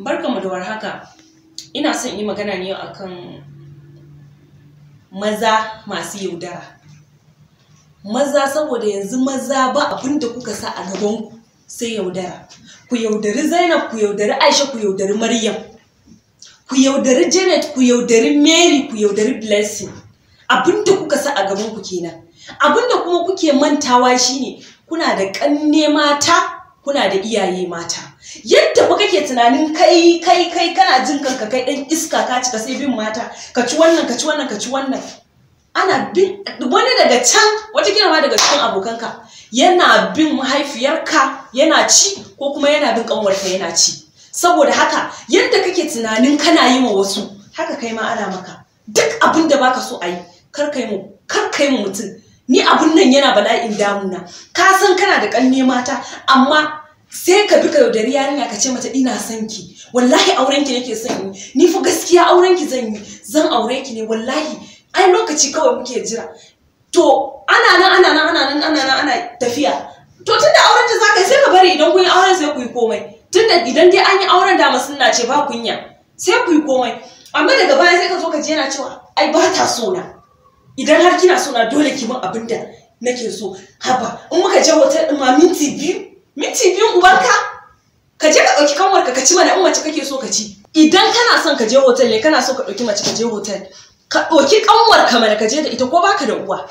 Barkanmu da warhaka. Ina son yi magana ne akan maza masu yaudara. Maza saboda yanzu maza ba abin da kuka sa a gabanku sai yaudara. Ku yaudari Zainab, ku yaudari Aisha, ku yaudari Maryam. Ku yaudari Janet, ku yaudari Mary, ku yaudari Blessing. Abin da kuka sa a gabanku kenan. Abin da kuma kuke mantawa shine kuna da ƙanne mata kuna da iyaye mata yadda ba kake tunanin kai kai kai kana jin kanka kai dan iska ka cika sai bin mata ka ci wannan ka ci wannan ka ci wannan ana bin wani daga can wata ma daga cikin abokanka yana bin mahaifiyarka yana ci ko kuma yana bin kanwarka yana ci saboda haka yadda kake tunanin kana yi wa wasu haka kai ma ana maka duk abinda baka so ayi, yi kar kai mu kar kai mu mutum ni abun nan yana bala'in damuna ka san kana da ƙanne mata amma sai ka bi ka yaudari yarinya ka ce mata ina son ki wallahi auren ki nake son yi ni fa gaskiya auren ki zan yi zan aure ki ne wallahi ai lokaci kawai muke jira to ana nan ana nan ana nan ana nan ana tafiya to tunda auren ta zaka sai ka bari idan kun yi auren sai ku yi komai tunda idan dai an yi auren da na ce ba kunya sai ku yi komai amma daga baya sai ka zo ka je yana cewa ai ba ta so na idan har kina so na dole ki min abin da nake so haba in muka je hotel ɗin ma minti biyu minti biyu ubanka ka je ka dauki kanwarka ka ci mana in mace kake so ka ci idan kana son ka je hotel ne kana so ka ɗauki mace ka je hotel ka ɗauki ka mana ka je da ita ko baka da uwa